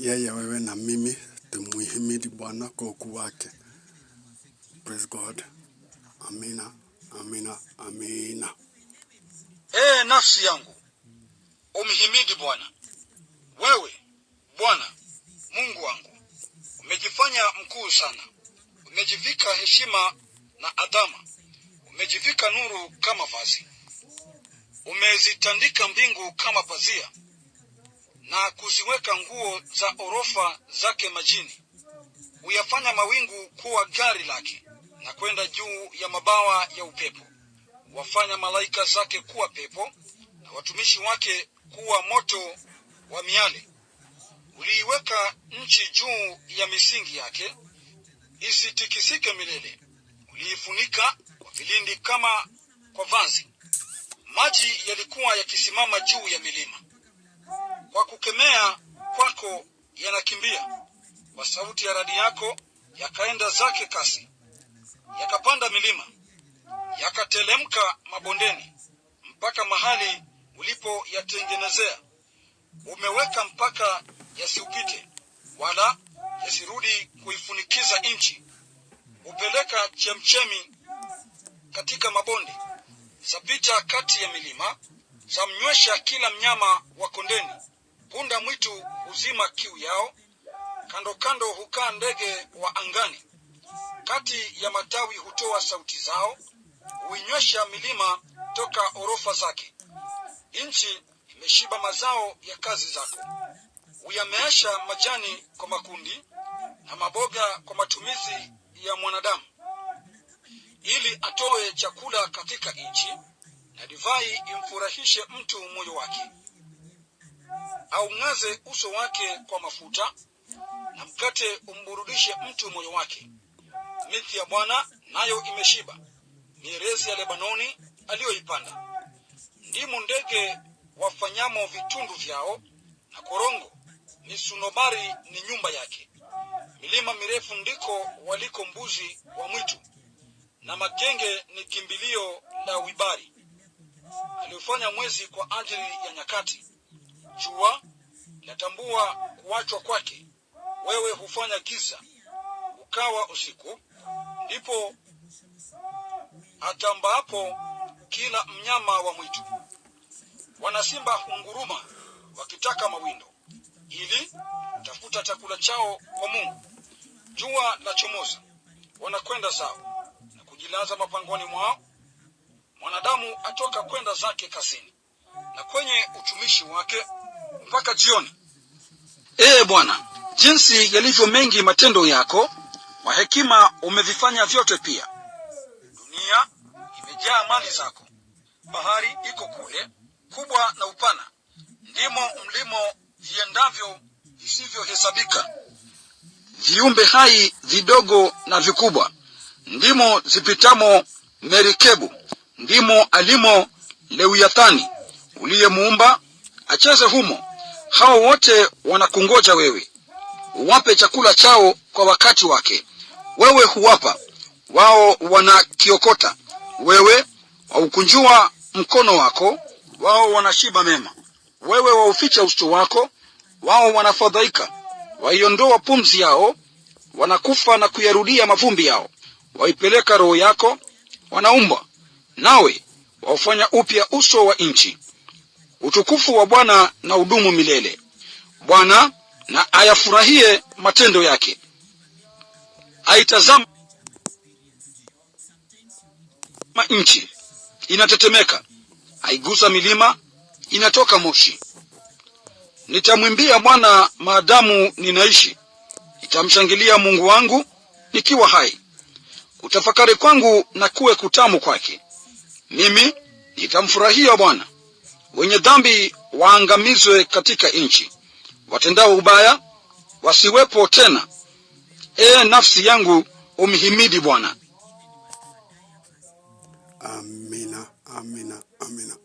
yeye, wewe na mimi tumuhimidi Bwana kwa ukuu wake. Praise God. Amina, amina, amina. Ee nafsi yangu umhimidi Bwana. Wewe Bwana Mungu wangu umejifanya mkuu sana, umejivika heshima na adhama, umejivika nuru kama vazi, umezitandika mbingu kama pazia na kuziweka nguo za orofa zake majini. Huyafanya mawingu kuwa gari lake na kwenda juu ya mabawa ya upepo. Wafanya malaika zake kuwa pepo na watumishi wake kuwa moto wa miale. Uliiweka nchi juu ya misingi yake, isitikisike milele. Uliifunika kwa vilindi kama kwa vazi. Maji yalikuwa yakisimama juu ya milima kwa kukemea kwako yanakimbia, kwa sauti ya radi yako yakaenda zake kasi, yakapanda milima, yakatelemka mabondeni, mpaka mahali ulipoyatengenezea. Umeweka mpaka yasiupite, wala yasirudi kuifunikiza nchi. Hupeleka chemchemi katika mabonde, zapita kati ya milima, zamnywesha kila mnyama wa kondeni. Punda mwitu huzima kiu yao, kando kando hukaa ndege wa angani, kati ya matawi hutoa sauti zao, huinywesha milima toka orofa zake. Nchi imeshiba mazao ya kazi zako, huyameesha majani kwa makundi na maboga kwa matumizi ya mwanadamu, ili atoe chakula katika nchi na divai imfurahishe mtu moyo wake aumng'aze uso wake kwa mafuta, na mkate umburudishe mtu moyo wake. Miti ya Bwana nayo imeshiba, mierezi ya Lebanoni aliyoipanda. Ndimo ndege wafanyamo vitundu vyao, na korongo ni sunobari, ni nyumba yake. Milima mirefu ndiko waliko mbuzi wa mwitu, na magenge ni kimbilio la wibari, aliyofanya mwezi kwa ajili ya nyakati Jua natambua kuachwa kwake, wewe hufanya giza ukawa usiku, ndipo atambapo kila mnyama wa mwitu. Wanasimba hunguruma wakitaka mawindo, ili tafuta chakula chao kwa Mungu. Jua la chomoza, wanakwenda zao na kujilaza mapangoni mwao. Mwanadamu atoka kwenda zake kazini na kwenye utumishi wake mpaka jioni. Ee Bwana, jinsi yalivyo mengi matendo yako, kwa hekima umevifanya vyote. Pia dunia imejaa mali zako, bahari iko kule kubwa na upana, ndimo mlimo viendavyo visivyohesabika, viumbe hai vidogo na vikubwa, ndimo zipitamo merikebu, ndimo alimo Lewiathani uliyemuumba acheze humo. Hao wote wanakungoja wewe, uwape chakula chao kwa wakati wake. Wewe huwapa wao, wanakiokota wewe, waukunjua mkono wako, wao wanashiba mema. Wewe wauficha uso wako, wao wanafadhaika. Waiondoa pumzi yao, wanakufa na kuyarudia mavumbi yao. Waipeleka roho yako, wanaumbwa nawe, waufanya upya uso wa nchi. Utukufu wa Bwana na udumu milele. Bwana na ayafurahie matendo yake, aitazama nchi inatetemeka, aigusa milima inatoka moshi. Nitamwimbia Bwana maadamu ninaishi, nitamshangilia Mungu wangu nikiwa hai. Kutafakari kwangu na kuwe kutamu kwake, mimi nitamfurahia Bwana. Wenye dhambi waangamizwe katika nchi, watendao ubaya wasiwepo tena. Ee nafsi yangu, umhimidi Bwana. Amina, amina, amina.